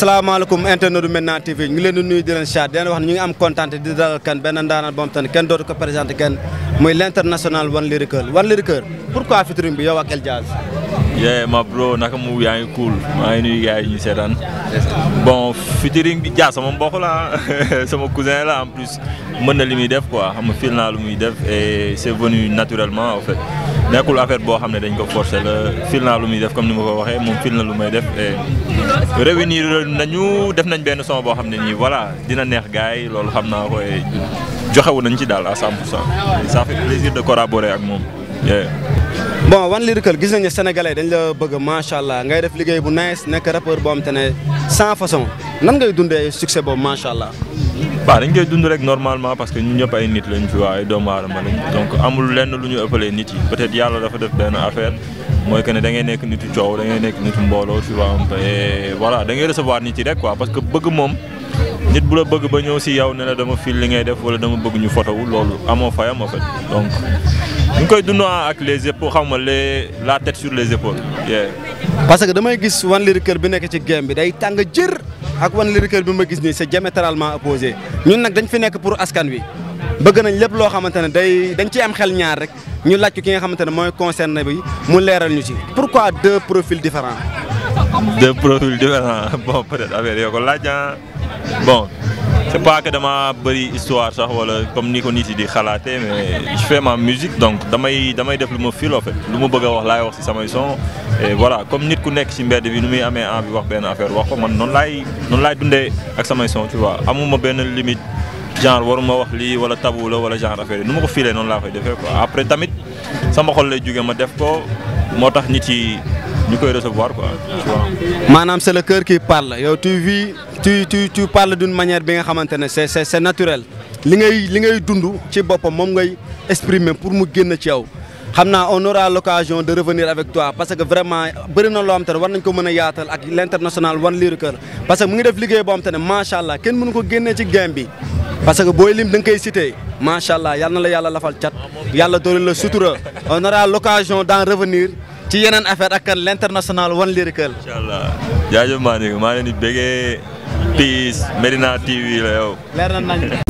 salaamaaleykum internet du Médina TV ñu ngi leen di nuyu di leen chat di leen wax ne ñu ngi am kontaan di dalal kan benn ndaanaan boo xam te ne kenn dootu ko présenté kenn muy l' international One Lyrical One Lyrical pourquoi featuring bi yow ak El Diaz yeah ma bro naka mu yaa ngi cool maa ngi nuyu gars yi ñuy seetaan bon featuring bi Dia sama mbokk la sama cousin la en plus mën na li muy def quoi xam nga fil naa lu muy def e c'est venu naturellement en fait nekkul affaire boo xam ne dañ ko forcer la fil naa lu muy def comme ni ma ko waxee moom fil na lu may def et nañu def nañ benn son boo xam ne nii voilà dina neex gars yi loolu xam naa koy joxewu nañ ci daal à sam pour cent ça fait plaisir de collaborer ak moom bon One Lyrical gis nañu ne sénégalais dañ la bëgg macha allah ngay def liggéey bu nice nekk rappeur boo xam te ne sans façon nan ngay dundee succès boobu macha allah. waaw dañ koy dund rek normalement parce que ñu ñëpp ay nit lañ fi waaye doomu aadama lañ donc amul lenn lu ñu ëppalee nit yi peut-être yàlla dafa def benn affaire mooy que ne nekk nitu coow da nekk nitu mbooloo souvent voilà da ngay recevoir nit yi rek quoi parce que bëgg moom. nit bu la bëgg ba ñëw si yow ne la dama fil li ngay def wala dama bëgg ñu fotowu loolu amoo fayam en fait donc mu koy dund ak les épaules xam ma les la tête sur les épaules. parce que damay gis One Lyrical bi nekk ci game bi day tàng jër ak One Lyrical bi ma gis nii c'est diamétralement opposé ñun nag dañ fi nekk pour askan wi. bëgg nañ lépp loo xamante ne day dañ ci am xel ñaar rek ñu laaj ki nga xamante ne mooy concerné bi mu leeral ñu ci. pourquoi deux profils différents. deux profils différents bon bon c'est pas que dama bëri histoire sax wala comme ni ko nit yi di xalaatee mais je fais musique donc damay damay def lu ma fil en lu ma bëgg a wax laay wax si samay son et voilà comme nit ku nekk si mbedd bi nu muy amee envie wax benn affaire wax ko man noonu laay noonu laay dundee ak samay son tu vois amuma benn limite genre waruma wax lii wala tabu la wala genre affaire yi nu ma ko filee noonu laa koy defee quoi après tamit sama xol lay jóge ma def ko moo tax nit yi ñu koy recevoir quoi. maanaam c' est le yow tu vis tu tu tu parles d' une nga naturel li ngay li ngay dund ci boppam moom ngay exprimer pour mu génn ci yow. xam naa on aura l'occasion de revenir avec toi parce que vraiment bëri na loo xam te ne war nañ ko mën a yaatal ak l'international One Lyrical parce que mu ngi def liggéey boo xam te ne macha allah kenn mënu ko génnee ci game bi parce que booy lim da nga koy cité allah yal na la yàlla lafal cat yàlla doole la sutura on aura ci yeneen affaire ak kan l'international one lyrical. incha allah jaajëf maa ngi maa ngi leen di bëggee Peace Medina TV la yow. leer na nañ.